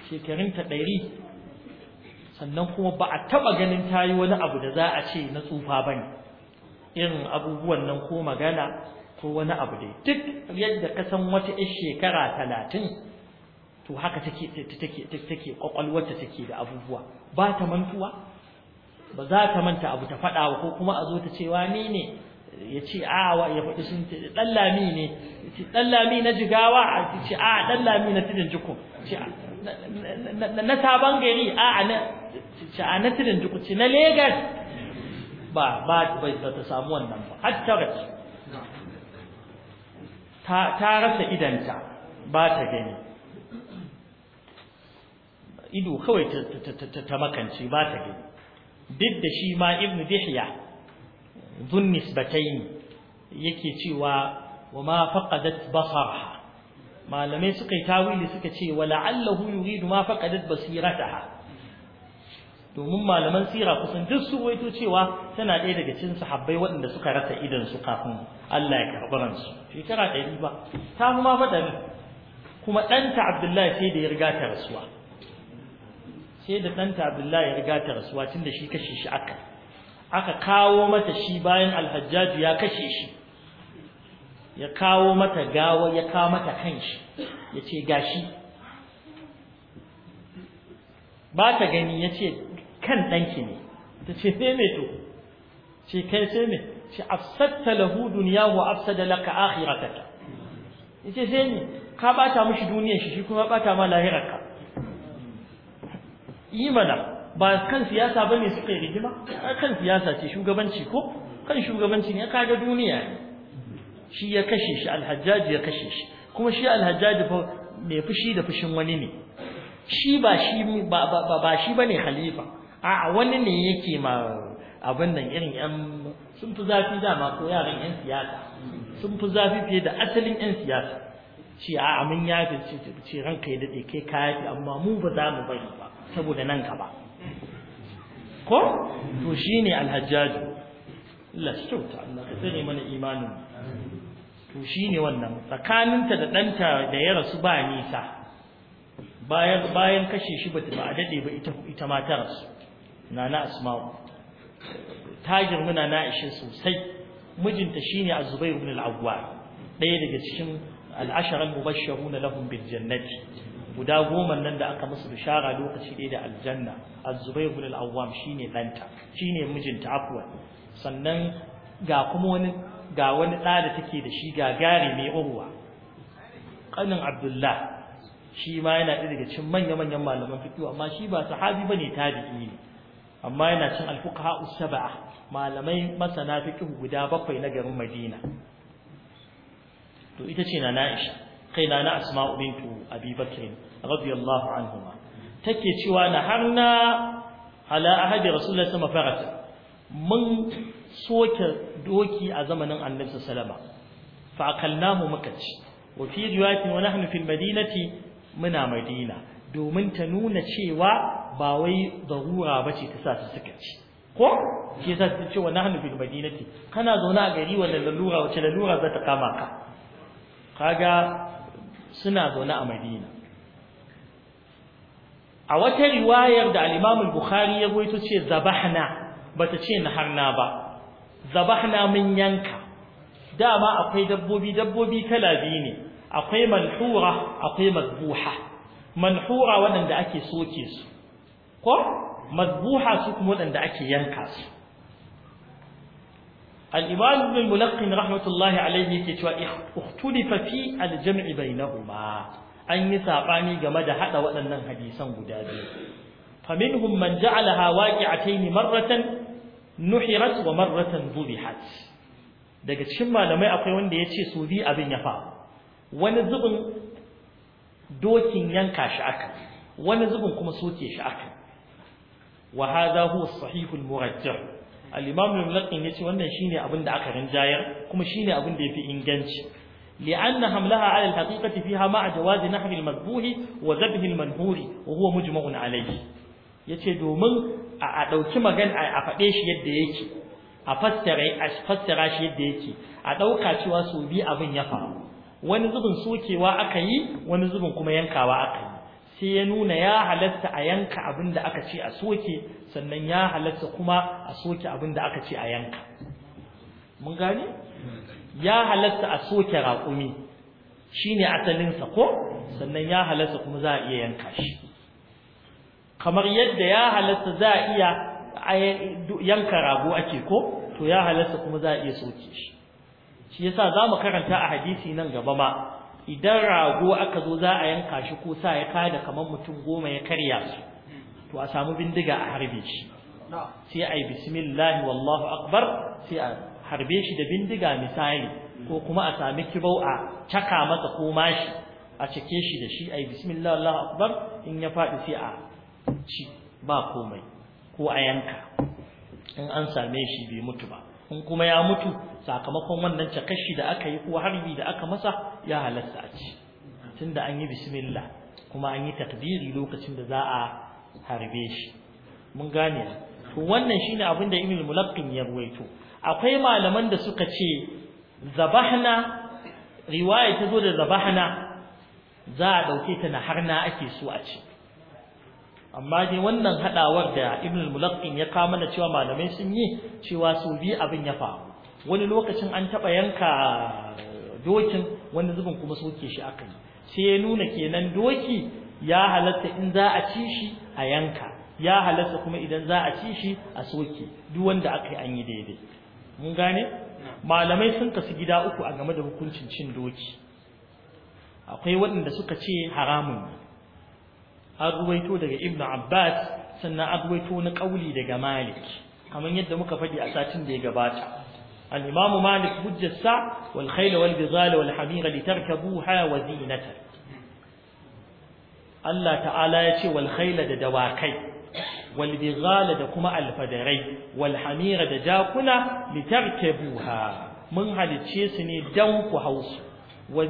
shekarunta ɗari sannan kuma ba a taɓa ganin ta yi wani abu da za a ce na tsufa ba ne irin abubuwan nan ko magana ko wani abu dai duk yadda ka san wata 'yar shekara talatin to haka take take take kwakwalwarta take da abubuwa ba ta mantuwa ba za ta manta abu ta faɗa ko kuma a zo ta cewa ni ne ya ce a wa ya faɗi sun ce ɗan lami ne ce dallami lami na jigawa a ce a dallami lami na tidin jikun ce na saban gari a na ce a na tidin jikun ce na Legas ba ba ba ta samu wannan ba har ta ta rasa idanta ba ta gani ido kawai ta makance ba ta gani duk da shi ma ibnu dihya dhun nisbatayn yake cewa wa ma faqadat basarha malamai suka yi tawili suka ce wa la'allahu yuridu ma faqadat basirataha domin malaman sira kusan duk su waito cewa tana ɗaya daga cikin sahabbai waɗanda suka rasa idan su kafin Allah ya karɓi ransu shekara ɗari ba ta ma faɗa kuma ɗanta Abdullahi sai da ya riga ta rasuwa sai da ɗanta Abdullahi ya riga ta rasuwa tun da shi kashe shi aka aka kawo mata shi bayan alhajjaju ya kashe shi ya kawo mata gawa ya kawo mata kanshi ya ce gashi ba ta gani ya ce kan ɗanki ne ta ce sai mai to ce kai sai mai ce afsatta lahu duniya wa afsada laka akhirataka ya ce sai ne ka bata mishi duniyar shi shi kuma bata ma lahirarka yi mana ba kan siyasa ba ne suka yi rigima kan siyasa ce shugabanci ko kan shugabanci ne kaga duniya ne shi ya kashe shi alhajjaji ya kashe shi kuma shi alhajjaji fa mai fushi da fushin wani ne shi ba shi ba ba ba shi bane khalifa a wani ne yake ma abin nan irin yan sun fi zafi dama ko yaran yan siyasa sun fi zafi fiye da asalin yan siyasa ce a amin ya ce ce ranka ya dade kai ka yafi amma mu ba za mu bari ba saboda nan gaba ko to shine alhajjaj Allah shi kyauta Allah ka sani mana imanin to shine wannan tsakaninta da ɗanta da ya rasu ba nisa bayan bayan kashe shi bata ba a dade ba ita ita ma ta nana asma'u ta muna na ishe sosai mijinta shine az-zubair ibn al-awwal ɗaya daga cikin al-ashara al-mubashshirun lahum bil jannati guda goma nan da aka musu bishara lokaci ɗaya da aljanna az-zubayr ibn al-awwam shine danta shine mijinta afwan sannan ga kuma wani ga wani ɗa da take da shi ga gari mai urwa kanin abdullah shi ma yana ɗaya daga cikin manya-manyan malaman fiqh amma shi ba sahabi bane tabi'i ne amma yana cin al-fuqaha us-sab'a malamai masana fiqh guda bakwai na garin Madina to ita ce na Aisha kai na na Asma'u bintu Abi Bakr radiyallahu anhuma take cewa na harna ala ahadi rasulullahi sama farata mun soke doki a zamanin annabi salama fa akalnahu muka ci wa fi riwayatin wa nahnu fil madinati muna madina domin ta nuna cewa ba wai zarura bace ta sa su suka ci ko ke sa ta ce wa nahnu fil madinati kana zauna a gari wannan lalura wace lalura za ta kama ka kaga suna zaune a madina a wata riwayar da al bukhari ya goyito ce zabahna bata ce naharna ba zabahna mun yanka dama akwai dabbobi dabbobi kala biyu ne akwai manhura akwai mazbuha manhura waɗanda ake soke su ko mazbuha su kuma waɗanda ake yanka su al-Imam ibn Mulaqqin rahmatullahi alayhi yake cewa ikhtulifa fi al bainahuma an yi saɓani game da haɗa waɗannan hadisan guda biyu faminhum man ja'alaha waqi'atayn marratan nuhirat wa marratan dhubihat daga cikin malamai akwai wanda yace su bi abin ya fa wani zubin dokin yanka shi aka wani zubin kuma soke shi aka wa hadha huwa as-sahih al-murajjah al-imam al-mulqin yace wannan shine abin da aka rinjayar kuma shine abin da yafi inganci لأن حملها على الحقيقة فيها مع جواز نحر المذبوح وذبه المنهور وهو مجمع عليه yace domin a dauki magana a faɗe shi yadda yake a fassara a fassara shi yadda yake a dauka cewa so bi abin ya faru wani zubin sokewa aka yi wani zubin kuma yankawa aka yi sai ya nuna ya halatta a yanka abin da aka ce a soke sannan ya halatta kuma a soke abin da aka ce a yanka mun gane ya halatta a soke raƙumi shine asalin sa ko sannan ya halatta kuma za a iya yanka shi kamar yadda ya halatta za a iya yanka rago ake ko to ya halatta kuma za a iya soke shi shi yasa zamu karanta a hadisi nan gaba ma idan rago aka zo za a yanka shi ko sa ya kada kamar mutum goma ya karya su to a samu bindiga a harbe shi sai ai bismillah wallahu akbar sai a harbe shi da bindiga misali ko kuma a sami kibau a caka masa koma shi a cike shi da shi ai bismillah Allahu akbar in ya fadi sai a ci ba komai ko a yanka in an same shi bai mutu ba in kuma ya mutu sakamakon wannan cakashi da aka yi ko harbi da aka masa ya halatta a ci tunda an yi bismillah kuma an yi takdiri lokacin da za a harbe shi mun gane to wannan shine abin da Ibn Mulaqqin ya ruwaito akwai malaman da suka ce zabahna riwaya ta zo da zabahna za a ɗauke ta na harna ake so a ci amma dai wannan haɗawar da ibn al-mulaqqin ya kawo mana cewa malamai sun yi cewa su bi abin ya faru wani lokacin an taɓa yanka dokin wani zubin kuma soke shi aka yi sai ya nuna kenan doki ya halatta in za a ci shi a yanka ya halatta kuma idan za a ci shi a soke duk wanda aka yi an yi daidai mun gane malamai sun kasu gida uku a game da hukuncin cin doki akwai waɗanda suka ce haramun an ruwaito daga ibnu abbas sannan an ruwaito na ƙauli daga malik kamar yadda muka faɗi a satin da ya gabata al-imam malik hujjarsa wal khayl wal bizal wal hamira litarkabuha wa zinata Allah ta'ala ya ce wal da dawakai wal da kuma alfadarai wal hamira da jakuna litarkabuha mun halice su ne dan ku hausu wa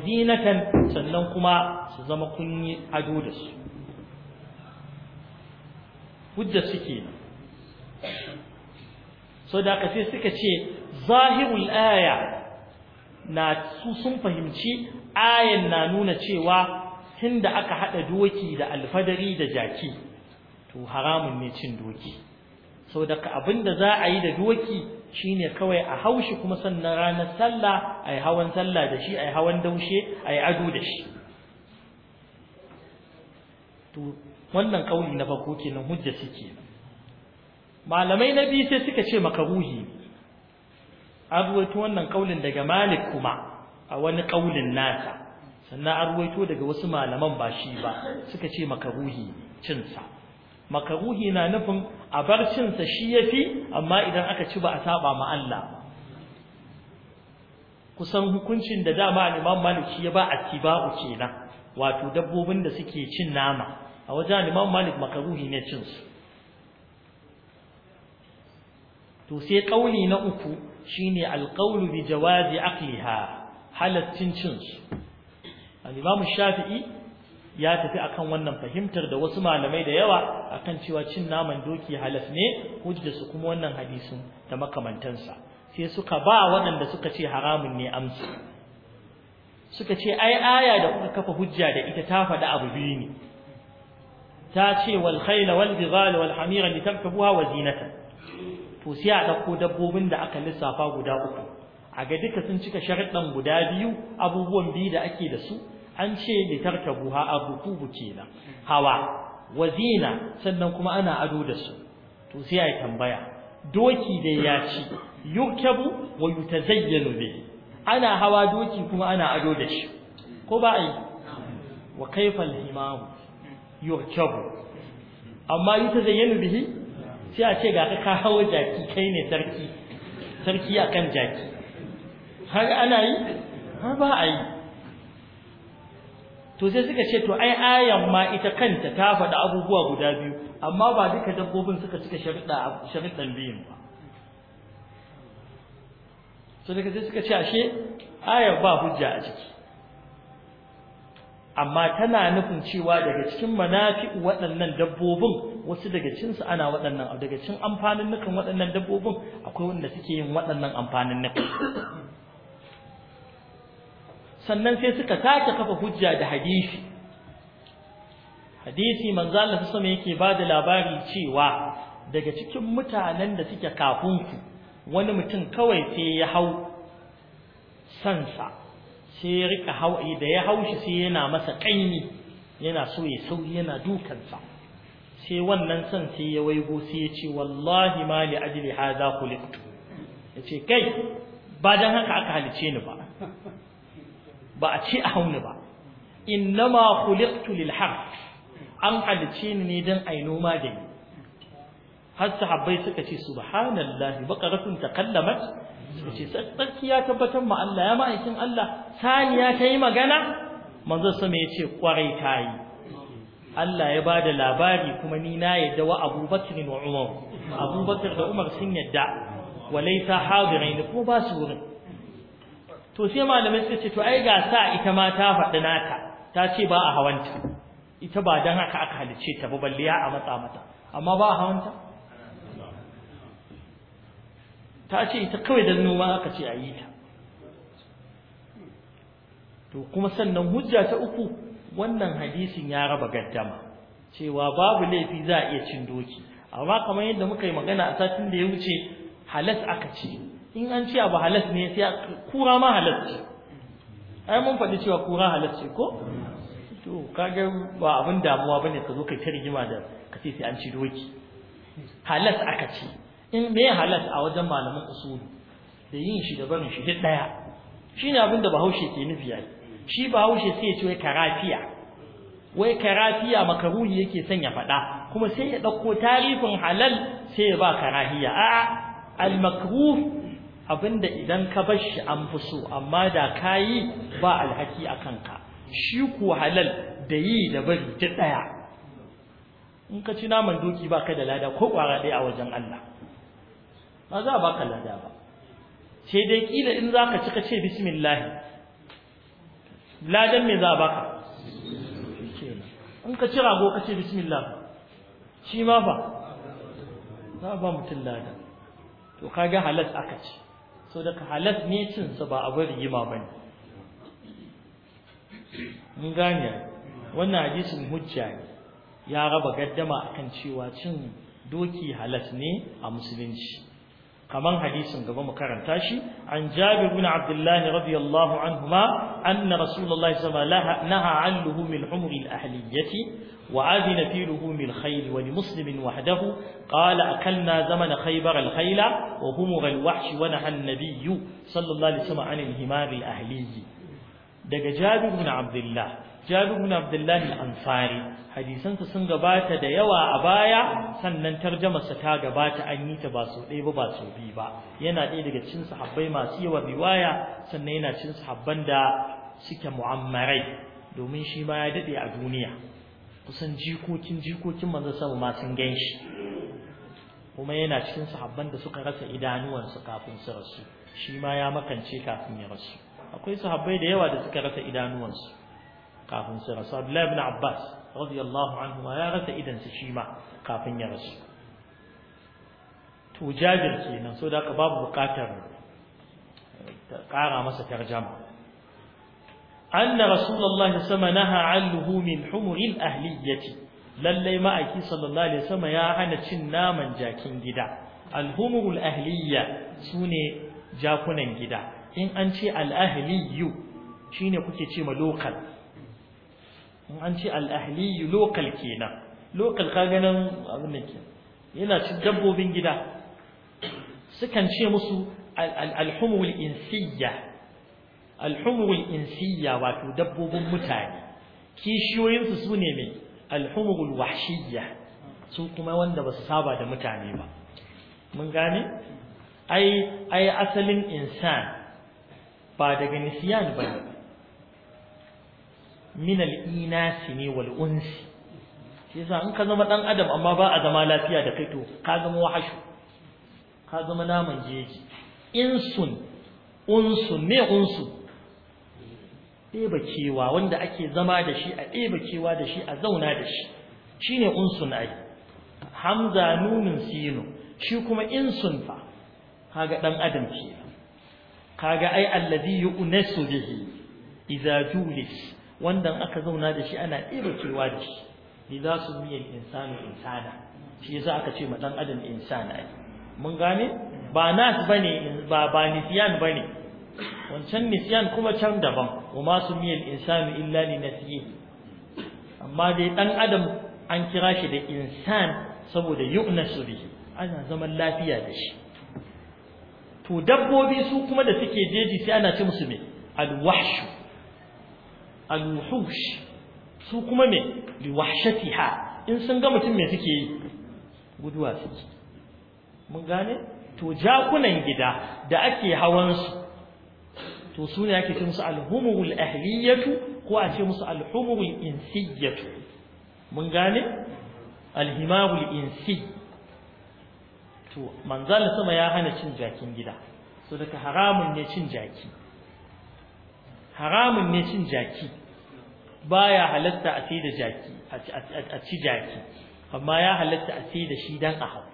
sannan kuma su zama kun ado da su hujja suke so da kace suka ce zahiru aya na su sun fahimci ayan na nuna cewa tunda aka haɗa doki da alfadari da jaki to haramun ne cin doki sau daga abin da za a yi da doki shine kawai a haushi kuma sannan ranar sallah a yi hawan sallah da shi a yi hawan daushe a yi ado da shi to wannan kauli na farko kenan hujja suke malamai na biyu sai suka ce makaruhi ruwaito wannan kaulin daga malik kuma a wani kaulin nasa sannan arwaito daga wasu malaman ba shi ba suka ce makaruhi cinsa makaruhi na nufin a bar shi ya shi yafi amma idan aka ci ba a saba ma Allah kusan hukuncin da dama Imam Malik ya ba attiba'u kenan wato dabbobin da suke cin nama a wajen Imam Malik makaruhi ne cin su to sai kauli na uku shine alqawlu bi jawazi aqliha halaccin cin su al-Imam Shafi'i ya tafi akan wannan fahimtar da wasu malamai da yawa akan cewa cin naman doki halas ne hujja su kuma wannan hadisin da makamantansa sai suka ba waɗanda suka ce haramun ne amsa suka ce ai aya da kuka kafa hujja da ita ta faɗi abu biyu ne ta ce wal khayla wal bidhal wal hamira litarkabuha wa zinata to sai a dauko dabbobin da aka lissafa guda uku a ga duka sun cika sharuɗan guda biyu abubuwan biyu da ake da su an ce ha abukubu kenan hawa wazina sannan kuma ana ado da su to sai ai tambaya doki dai ya ci yukabu wa yutazayyanu bi ana hawa doki kuma ana ado da shi ko ba ai wa kaifa al himam yukabu amma yutazayyanu bihi sai a ce ga ka hawa jaki kai ne sarki sarki akan jaki har ana yi har ba a yi to sai suka ce to ai ayan ma ita kanta ta faɗi abubuwa guda biyu amma ba duka dabbobin suka cika sharuɗa sharuɗan biyun ba to daga sai suka ce ashe ayar ba hujja a ciki amma tana nufin cewa daga cikin manafi'u waɗannan dabbobin wasu daga cinsu ana waɗannan daga cin amfanin nukan waɗannan dabbobin akwai wanda suke yin waɗannan amfanin nukan sannan sai suka sake kafa hujja da hadisi hadisi manzo Allah sama yake bada labari cewa daga cikin mutanen da suke kafin ku wani mutum kawai sai ya hau sansa sai ya rika hau, da ya haushi sai yana masa kanyi yana so ya sauri yana dukansa sai wannan san sai ya waigo sai ya ce wallahi ma li ajli hadha khuliqtu yace kai ba dan haka aka halice ni ba ba a ce a hauni ba innama khuliqtu lil harf an halice ni ne dan ai noma da ni har sahabbai suka ce subhanallahi baqaratun takallamat suka ce tsakkiya tabbatar ma Allah ya ma'aikin Allah saniya ta yi magana manzo sama ya ce kwarai ta yi Allah ya bada labari kuma ni na yadda wa Abubakar da Umar Abubakar da Umar sun yadda walaita hadirin ko ba su wurin to sai malamai suka ce to ai ga sa ita ma ta faɗi naka ta ce ba a hawanta ita ba dan haka aka halice ta ba balliya a matsa mata amma ba a hawanta ta ce ita kawai dan noma aka ce a yi ta to kuma sannan hujja ta uku wannan hadisin ya raba gaddama cewa babu laifi za a iya cin doki amma kamar yadda muka yi magana a satin da ya wuce halas aka ce in an ce abu halas ne sai kura ma halas ce ai mun faɗi cewa kura halas ce ko to kaga ba abin damuwa bane ka zo kai ta rigima da ka ce sai an ci doki halas aka ce in me halas a wajen malamin usulu da yin shi da barin shi duk daya shine abin da bahaushe ke nufi ya shi bahaushe sai ya ce wai karafiya wai karafiya makaruni yake son ya faɗa kuma sai ya ɗauko tarifin halal sai ya ba karahiya a'a al makruh abinda idan ka bar shi an fi so amma da kayi ba alhaki a kanka shi ku halal da yi da bari ta ɗaya in ka ci naman doki ba ka da lada ko ƙwara ɗaya a wajen Allah ba za a baka lada ba sai dai kila in za ka ci ka ce bismillah ladan me za a baka in ka ci rago ka ce bismillah shi ma ba za a ba mutum lada to kage halas aka ci so daga halas ne cin su ba abin rigima ba ne mun gane wannan hadisin hujja ne ya raba gaddama akan cewa cin doki halas ne a musulunci kaman hadisin gaba mu karanta shi an jabir bin abdullah radiyallahu anhuma anna rasulullahi sallallahu alaihi wasallam naha an luhumil humri al-ahliyyati wa adina fi luhumil khayl wa li muslimin wahdahu qala akalna zamana khaybar al-khayla wa humur al-wahsh wa naha an-nabiy sallallahu alaihi wasallam an al-himar al daga jabir bin abdullah Jabir ibn Abdullah al-Ansari hadisan sa sun gabata da yawa a baya sannan tarjuma sa ta gabata an yi ta ba so ɗaya ba ba so biyu ba yana ɗaya daga cikin sahabbai masu yawa riwaya sannan yana cikin sahabban da suke mu'ammarai domin shi ma ya dade a duniya kusan jikokin jikokin manzon sama ma sun ganshi kuma yana cikin sahabban da suka rasa su kafin su rasu shi ma ya makance kafin ya rasu akwai sahabbai da yawa da suka rasa idanuwan su. kafin su rasu Abdullahi ibn Abbas radiyallahu anhu ma ya rasa idan su shi ma kafin ya rasu to Jabir ce nan so da babu bukatar kara masa tarjama anna rasulullahi sallallahu alaihi wasallam nahaa min humuril ahliyati lalle ma aiki sallallahu alaihi wasallam ya hana cin naman jakin gida alhumurul ahliya sune jakunan gida in an ce al-ahliyu shine kuke ce ma local an ce al lokal kenan lokal ka ganin abin da ke yana cin dabbobin gida sukan ce musu al-humul insiyya al insiyya wato dabbobin mutane kishiyoyinsu su ne mai al-humul wahshiyya su kuma wanda ba su saba da mutane ba mun gane ai asalin insan ba daga ba ne. min al-inasi ne wal unsi shi yasa in ka zama dan adam amma ba a zama lafiya da kai to ka zama wahashu ka zama naman jeji insun unsu ne unsu ɗebacewa wanda ake zama da shi a ɗebacewa da shi a zauna da shi shine unsun ai hamza nunun sinu shi kuma insun fa kaga dan adam ce kaga ai allazi yu'nasu bihi idza julis wanda aka zauna da shi ana ɗeba cewa da shi ni za su miyan insanu insana shi yasa aka ce ma adam insana ne mun gane ba nas bane ba ba nisyan bane wancan nisyan kuma can daban wa ma su miyan insanu illa li nasiyihi amma dai ɗan adam an kira shi da insan saboda yu'nasu bihi ana zaman lafiya da shi to dabbobi su kuma da suke jeji sai ana ce musu me alwahshu al-wuhush su kuma me li in sun ga mutum me suke yi guduwa suke mun gane to jakunan gida da ake hawan su to su ne ake ce musu ahliyatu ko a ce musu alhumul insiyatu mun gane alhimabul insi to manzal sama ya hana cin jakin gida so daga haramun ne cin jaki haramun ne cin jaki baya halatta a sai da jaki a ci jaki amma ya halatta a sai da shi dan a hau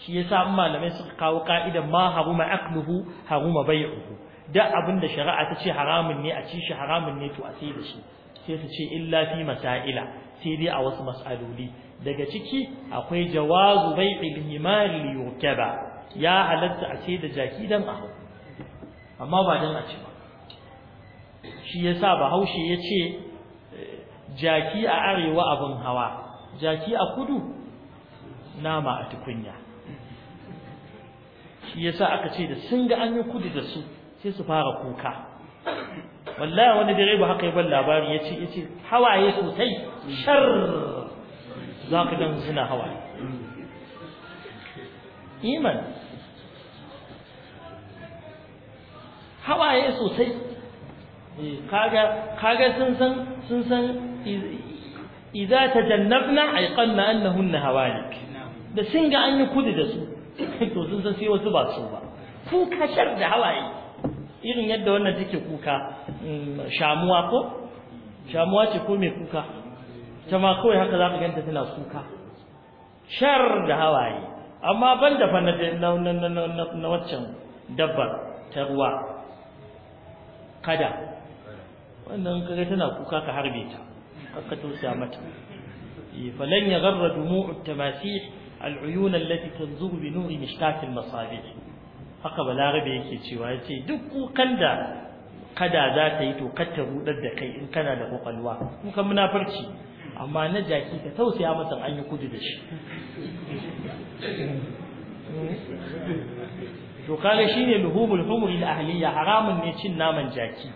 shi yasa in malamai suka kawo ka'idan ma haruma akluhu haruma bai'uhu da abin da shari'a ta ce haramun ne a ci shi haramun ne to a sai da shi sai su ce illa fi masaila sai dai a wasu mas'aloli daga ciki akwai jawazu bai'il himar li yukaba ya halatta a sai da jaki dan a hau amma ba dan a ci ba shi yasa bahaushe ya ce eh, jaki a arewa abin hawa jaki a kudu nama a tukunya shi yasa aka ce da sun ga an yi kudu da su sai su fara kuka wallahi wani direba haka yi ban labari ya ce yace hawaye sosai shar za ka gan suna hawaye iman hawaye sosai kaga kaga sun san sun san idza tajannabna ayqanna annahun hawalik da sun ga an yi kudu da su to sun san sai wasu ba su ba su kashar da hawaye irin yadda wannan take kuka mm, shamuwa ko shamuwa ce ko mai kuka ta ma kawai haka za ka ganta tana kuka shar da hawaye amma ban da fanna na waccan dabbar ta ruwa kada wannan kaga tana kuka ka harbe ta ka tausaya mata eh, falan ya garra dumu'ut tamasih al'uyun allati tanzuru bi nuri mishkatil masabih haka balarabe yake cewa yace duk kukan da kada za ta yi to kar ta rudar da kai in kana da kwakwalwa kukan munafarci amma na jaki ka tausaya masa an yi kudu da shi to kare shine luhumul humri al ahliya haramun ne cin naman jaki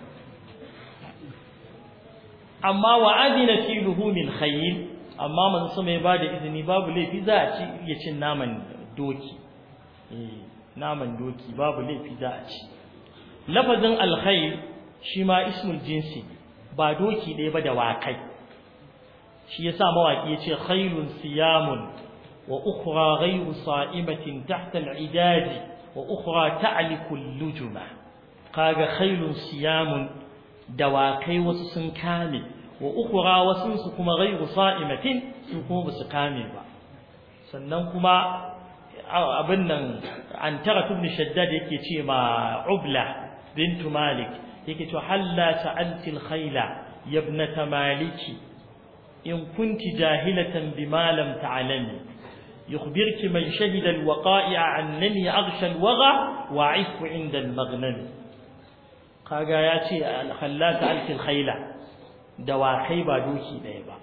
amma wa adina fi luhumil khayl amma masu sama ya bada izini babu laifi za a ci ya cin naman doki eh, naman doki babu laifi za a ci lafazin alkhayl shi ma ismul jinsi ba doki ɗaya ba da wakai shi yasa mawaki yace khaylun siyamun wa ukhra ghayru sa'imatin tahta al'idadi wa ukhra ta'liku al-lujuma kaga khaylun siyamun dawakai wasu sun kame wa ra wasu su kuma ghairu sa'imatin su kuma basu kame ba sannan kuma abin nan an tara ibn shaddad yake ce ma ubla Bintu malik yake to halla sa'alti khayla ya maliki in kunti jahilatan bima lam ta'lami يخبرك من شهد الوقائع annani أغشى الوغى وأعف da المغنم kaga ya ce al-khallatu khaila, dawakai ba doki ɗaya ba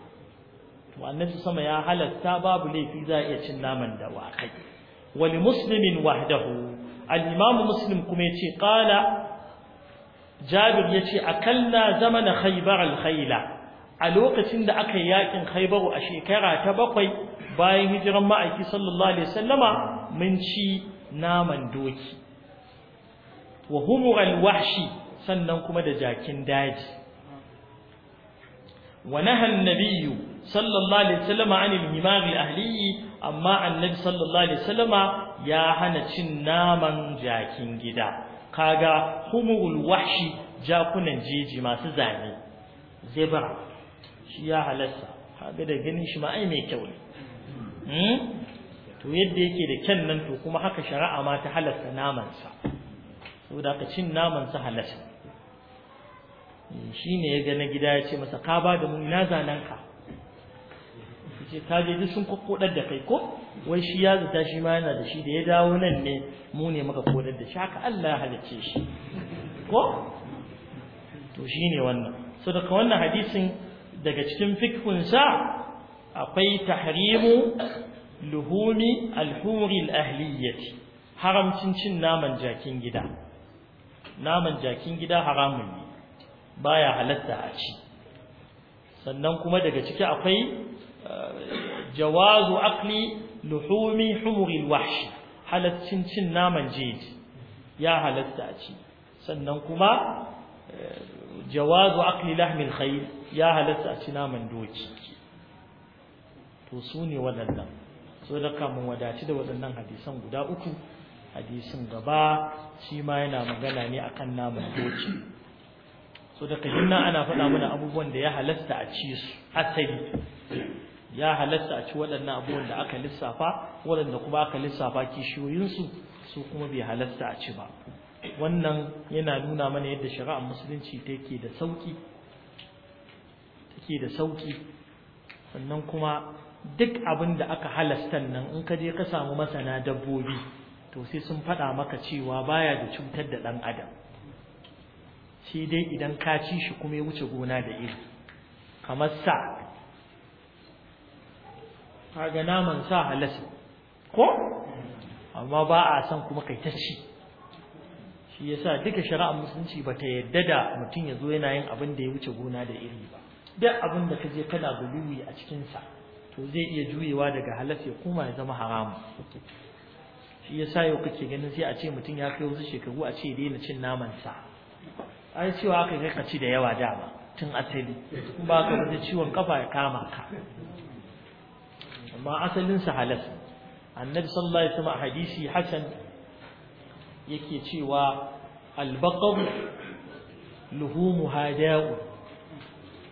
to annabi sama ya halatta babu laifi za iya cin naman dawakai wali muslimin wahdahu al-imamu muslim kuma yace qala jabir yace zama na khaybar al khaila." a lokacin da aka yi yakin khaybaru a shekara ta bakwai bayan hijiran ma'aiki sallallahu alaihi wasallama mun ci naman doki wa humur al-wahshi sannan kuma da jakin daji wa nahan nabiyyu sallallahu alaihi wasallam anil himar ahliyi amma annabi sallallahu alaihi wasallam ya hana cin naman jakin gida kaga humul wahshi jakunan jeji masu zane zebra shi ya halarsa kaga da ganin shi ma ai mai kyau ne hmm? to yadda yake da kyan nan to kuma haka shari'a ma ta halarta namansa saboda ka cin namansa halarsa shi ne ya ga na gida ya ce masa ka ba da mu ina zanen ka ce ka je duk sun kokkodar da kai ko wai shi ya zata shi ma yana da shi da ya dawo nan ne mu ne muka kodar da shi haka Allah ya halicce shi ko to shi ne wannan so daga wannan hadisin daga cikin fikhun sa akwai tahrimu luhumi alhuri alahliyati haramcin cin naman jakin gida naman jakin gida haramun ne baya halatta a ci sannan kuma daga ciki akwai eh, jawazu akli luhumi humuril wahshi halaccin cin naman jeji ya halatta a ci sannan kuma eh, jawazu akli lahmil khayl ya halatta a ci naman doki to su ne waɗannan so da kamun wadaci da waɗannan hadisan guda uku hadisin gaba shi ma yana magana ne akan naman doki so da kajin ana faɗa mana abubuwan da ya halasta a ci su asali ya halasta a ci waɗannan abubuwan da aka lissafa waɗanda kuma aka lissafa kishiyoyinsu su kuma bai halasta a ci ba wannan yana nuna mana yadda shari'ar musulunci take da sauki take da sauki sannan kuma duk abin da aka halasta nan in ka je ka samu masana dabbobi to sai sun faɗa maka cewa baya da cutar da ɗan adam shi dai idan ka ci shi kuma ya wuce gona da iri kamar sa kaga naman sa halasa ko amma ba a san kuma kai ta ci shi yasa duka shari'ar musulunci ba ta yadda da mutum ya zo yana yin abin da ya wuce gona da iri ba duk abin da ka je kana guluwi a cikin sa to zai iya juyewa daga halal ya koma ya zama haramu shi yasa yau kake ganin sai a ce mutum ya kai wasu shekaru a ce daina cin naman sa ai cewa aka kai ka ci da yawa dama tun asali in ba ka ciwon kafa ya kama ka amma asalin sa halas annabi sallallahu alaihi wasallam hadisi hasan yake cewa al luhumu hada'u da'u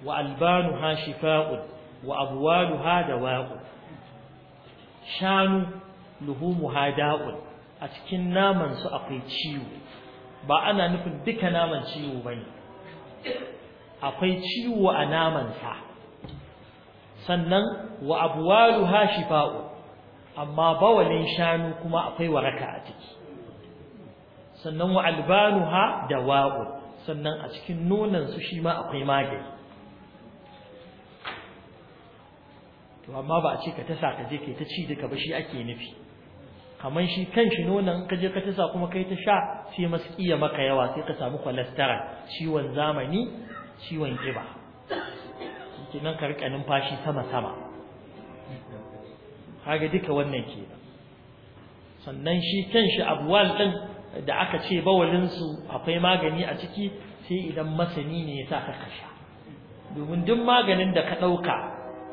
wa albanuha shifa'un wa abwaluha dawa'un shanu luhumuha da'u a cikin naman su akwai ciwo ba ana nufin duka naman ciwo ba ne akwai ciwo a namansa sannan wa abuwalu ha shifa'u amma bawalin shanu kuma akwai waraka a ciki sannan wa albanu ha da wa'u sannan a cikin su shi ma akwai magani to amma ba a ce ka tasa ka je ka ta ci duka ba shi ake nufi kamar shi kan shi nonon ka je ka tisa kuma kai ta sha sai iya maka yawa sai ka samu cholesterol ciwon zamani ciwon kiba kinan ka rika numfashi sama sama kaga duka wannan ke sannan shi kan shi abuwal din da aka ce bawalin su akwai magani a ciki sai idan masani ne ya sa ka sha. domin duk maganin da ka ɗauka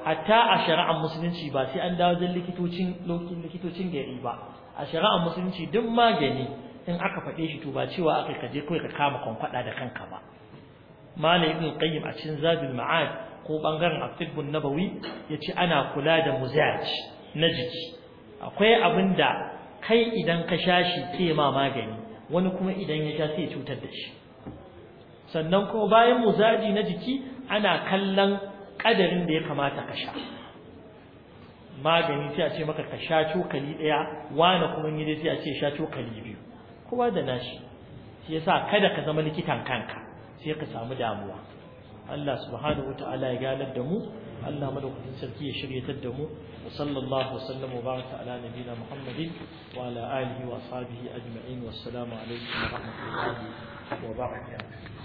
hatta a shari'ar musulunci ba sai an dawo wajen likitocin lokacin likitocin gari ba a shari'ar musulunci duk magani in aka faɗe shi to ba cewa aka kaje kawai ka kama kwankwada da kanka ba mala ibn qayyim a cikin zabil ma'ad ko bangaren at-tibbun nabawi yace ana kula da muzaj na jiki akwai abin da kai idan ka sha shi sai ma magani wani kuma idan ya sha sai cutar da shi sannan kuma bayan muzaji na jiki ana kallon kadarin da ya kamata ka sha magani sai a ce maka ka sha cokali ɗaya wani kuma ni dai sai a ce sha cokali biyu kowa da nashi shi yasa kada ka zama likitan kanka sai ka samu damuwa Allah subhanahu wataala ya ganar da mu Allah madaukakin sarki ya shiryatar da mu sallallahu wasallam wa baraka ala nabiyina Muhammadin wa ala alihi wa ashabihi ajma'in wassalamu alaikum wa rahmatullahi wa barakatuh